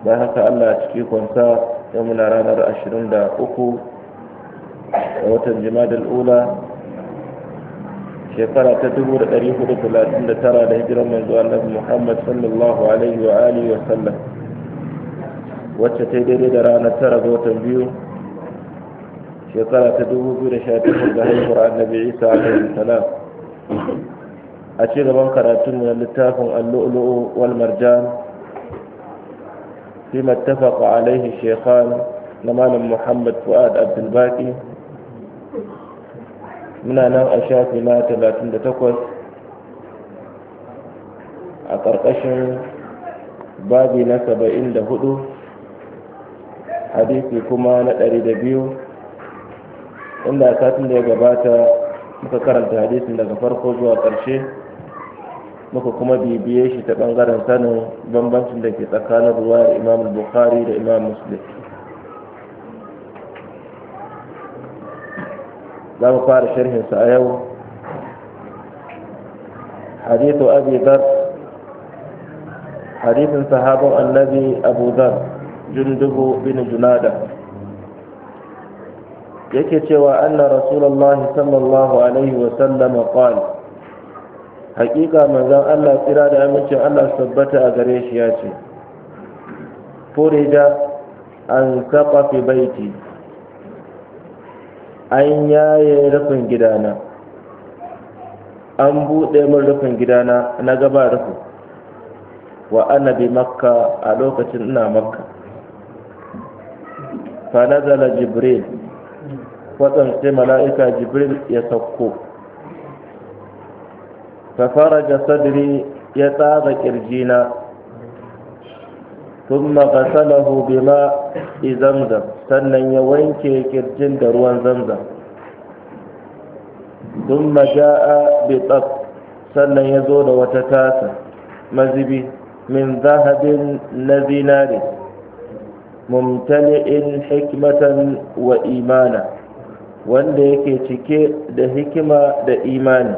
ba haka Allah ciki kwansa yau muna ranar 23 da watan jimadar ula shekara ta 1439 da hijiran zuwa Nabi Muhammad sallallahu alaihi wa alihi wa sallam wacce ta daidai da ranar tara ga watan biyu shekara ta 2018 da haihuwar annabi Isa alaihi salam a ci gaban karatunmu na littafin allu'ulu'u wal marjan فيما اتفق عليه الشيخان نمان محمد فؤاد عبد الباقي muna nan a shafi na talatin da takwas a ƙarƙashin babi na saba'in da hudu hadisi kuma na ɗari da biyu inda satin da ya gabata muka karanta hadisin daga farko zuwa ƙarshe muka kuma bibiye shi ta bangaren sanin bambancin da ke tsakanin ruwa ruwayar imam bukhari da imam muslim za mu fara sharhinsa a yau حديث أبي ذر حديث صحاب النبي أبو ذر جندب بن جنادة yake cewa anna rasulullahi sallallahu alaihi wa sallam qala hakika manzan Allah tsira da amincin Allah sabbata a gare shi ya ce furija an saka fi baiti an yaye rufin gidana an buɗe min rufin gidana na gaba rufin wa annabi makka a lokacin ina makka fa nazala jibril kwatsan sai mala'ika jibril ya sauko ففرج صدري يتاب كرجينا ثم غسله بماء زمزم sannan ya wanke kirjin da ruwan zamzam ثم جاء بطب sannan ya zo da wata tasa mazibi min zahabin na zinari mumtali'in hikmatan wa imana wanda yake cike da hikima da imani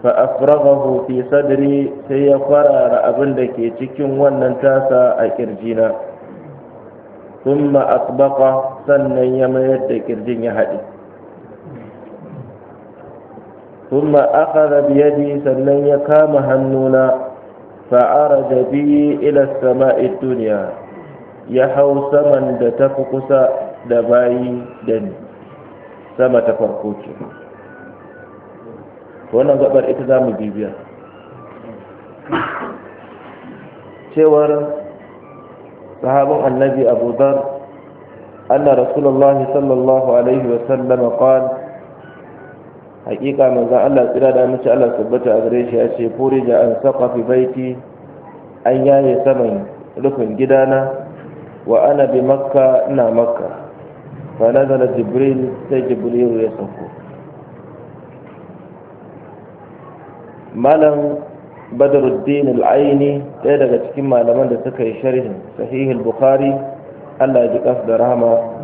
fa'afragahu fi sadri sai ya farara abin da ke cikin wannan tasa a kirjina thumma asbaqa sannan ya mayar da kirjin ya haɗe thumma akhadha bi yadi sannan ya kama hannuna araja bi ila as-sama'i dunya ya hau saman da tafi kusa da bayi da ni sama ta farko ce wannan gabar ita za mu bibiya cewar sahabin annabi abu dhar anna rasulullah sallallahu alaihi wa sallam qal haqiqa Allah tsira da mace Allah tabbata a gare shi ya ce furija an saka fi baiti an yaye saman rufin gidana wa ana bi makka ina makka fa nazala jibril sai jibril ya sauko malam badaruddin al'aini ɗaya daga cikin malaman da suka yi sharhin sahihul bukhari allah ya ji da rahama